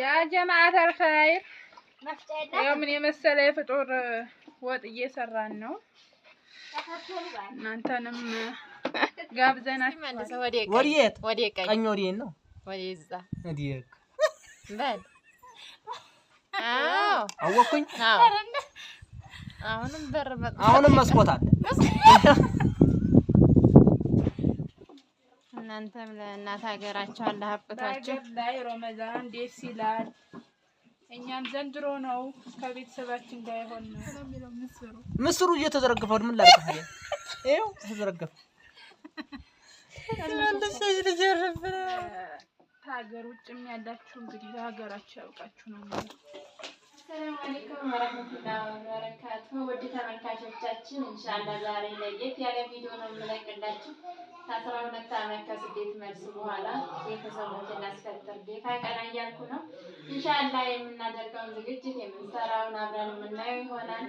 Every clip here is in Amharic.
ያ ጀማዓተል ኸይር ያው ምን የመሰለ የፍጡር ወጥ እየሰራን ነው። እናንተንም ጋብዘናችሁ ወዴት ቀኝ ወዴት ነው ወዴዛ ወዴት በል አወኩኝ። አሁንም በር አሁንም መስኮት አለ እናንተም ለእናት ሀገራቸው አላህ አብቅቷቸው ላይ ረመዳን ደስ ይላል። እኛም ዘንድሮ ነው ከቤተሰባችን ጋር ይሆን ነው ምስሩ እየተዘረገፈው ምን ላይ ይኸው ተዘረገፈ። ከሀገር ውጭም ያላችሁ እንግዲህ ለሀገራቸው ያውቃችሁ ነው። አሰላሙ አለይኩም ወረህመቱላሂ ወበረካቱህ ውድ ተመልካቾቻችን እንሻላ ዛሬ ለየት ያለ ቪዲዮ ነው የምለቅላችሁ። ከአስራ ሁለት ዓመት ከስደት መልስ በኋላ ቤተሰቦችን ላስከትር ቤት ቀና እያልኩ ነው። እንሻላ የምናደርገውን ዝግጅት የምንሰራውን አብረን የምናየው ይሆናል።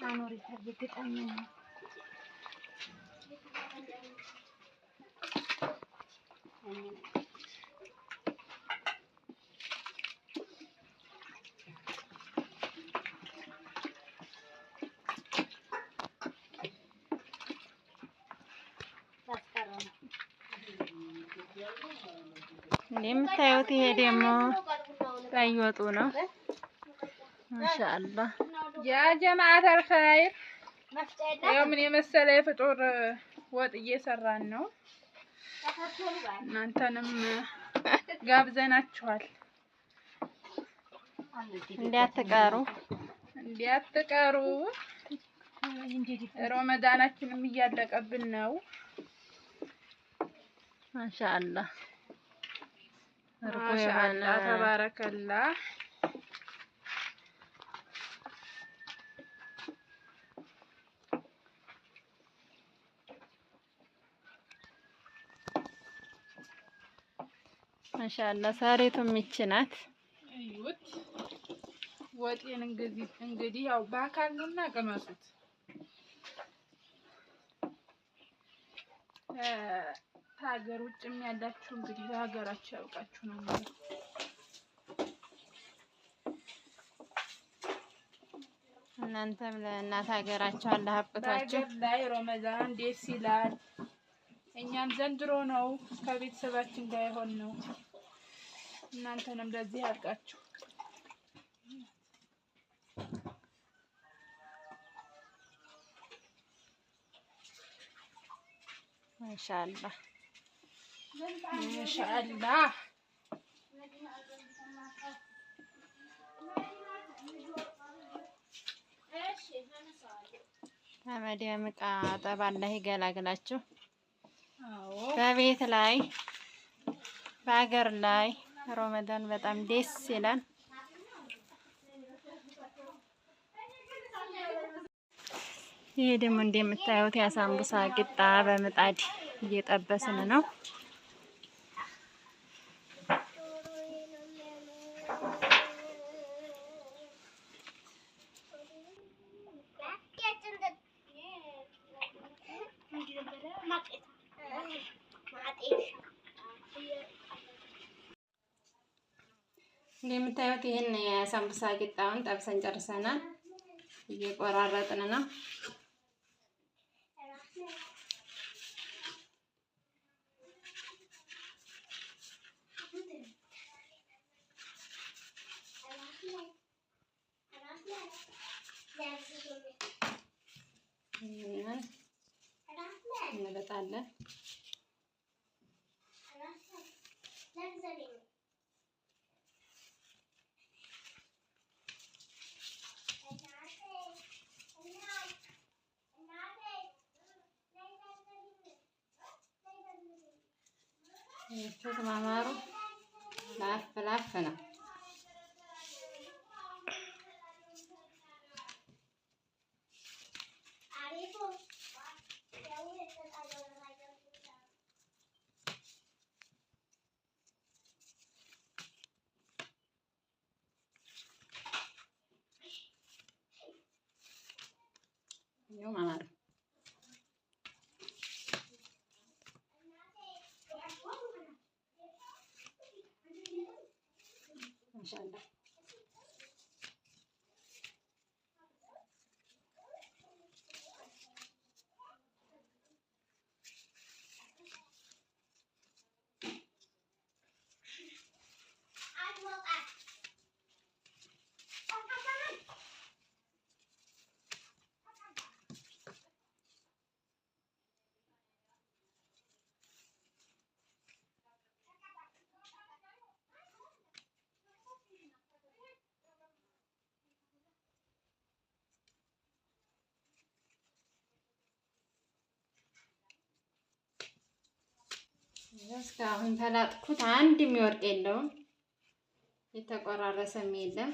ማኖር ይፈልግጠኝ እንደምታዩት ይሄ ደግሞ ቀይ ወጡ ነው። ማሻአላ ያ ጀማዓት አልኸይር ያው ምን የመሰለ የፍጡር ወጥ እየሰራን ነው። እናንተንም ጋብዘናችኋል። እንዲያትቀሩ እንዲያትቀሩ። ሮመዳናችንም እያለቀብን ነው። ማሻአላ ማሻአላ ተባረከላ ማሻአላ ሳሬቱም ይቺ ናት። እዩት ወጤን እንግዲህ እንግዲህ ያው በአካል ነውና ቀመሱት። ከሀገር ውጭም ያላችሁ እንግዲህ ለሀገራችሁ ያውቃችሁ ነው ማለት እናንተም ለእናት ሀገራቸው አላህ አብቅቷችሁ ላይ ረመዳን ደስ ይላል። እኛም ዘንድሮ ነው ከቤተሰባችን ጋር የሆን ነው። እናንተንም ለዚህ ያብቃችሁ። ማሻአላ ማሻአላ ይገላግላችሁ። በቤት ላይ በሀገር ላይ ረመዳን በጣም ደስ ይላል። ይሄ ደግሞ እንደምታዩት የሳምቡሳ ቂጣ በምጣድ እየጠበስን ነው። ይህን የሳምቡሳ ቂጣውን ጠብሰን ጨርሰናል። እየቆራረጥን ነው። ማማሩ ላፍ ላፍ ነው። እስካሁን ተላጥኩት አንድ የሚወርቅ የለውም፣ የተቆራረሰም የለም።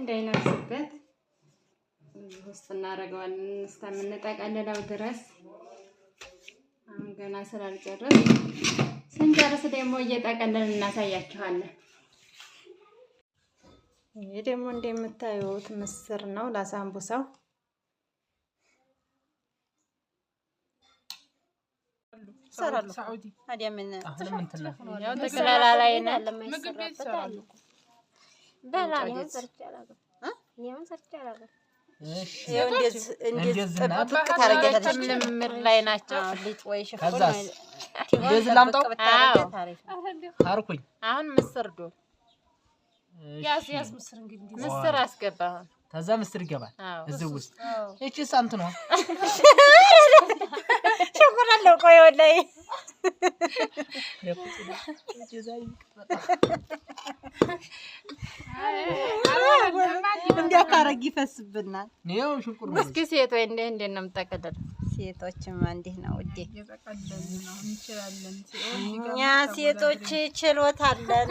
እንዳይነብስበት ውስጥ እናደርገዋለን እስከምንጠቀልለው ድረስ ገና ገና ስላልጨረስ ስንጨርስ ደግሞ እየጠቀለን እናሳያችኋለን። ይህ ደግሞ እንደምታዩት ምስር ነው ላሳምቡሳው ሰራለሁ ልምምድ ላይ ናቸው። እንደዚህ ላምጣው አርኩኝ። አሁን ምስር ዶ ምስር አስገባ። ከዛ ምስር ይገባል እዚህ ውስጥ እቺ ሳንት ነው ችኩር አለው። ቆይ ወላሂ እንዲያ ካረግ ይፈስብናል። እስኪ ሴቶ እንዴ እንዴት ነው የምጠቀለለው? ሴቶችማ እንዲህ ነው ውዴ። እኛ ሴቶች ችሎታ አለን።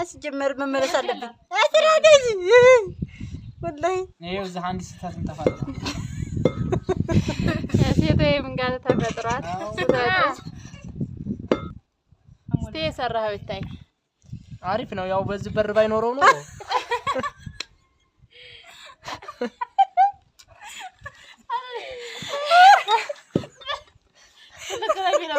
አስጀመር መመለስ አለብን። አስራደኝ ወላሂ ይኸው እዛ አንድ ስታት እንጠፋለን። ሴቶ የምንጋር ተፈጥሯል። እስኪ የሰራኸው ይታይ አሪፍ ነው። ያው በዚህ በር ባይኖረው ነው ቢላ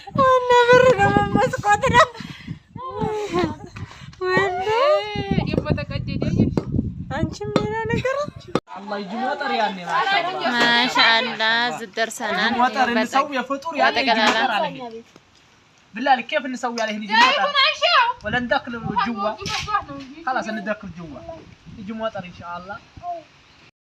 Never naman mascot زد درسنا نسوي فطور بالله كيف نسوي عليه ولا ندخل جوا خلاص ندخل جوا يجي مطر ان شاء الله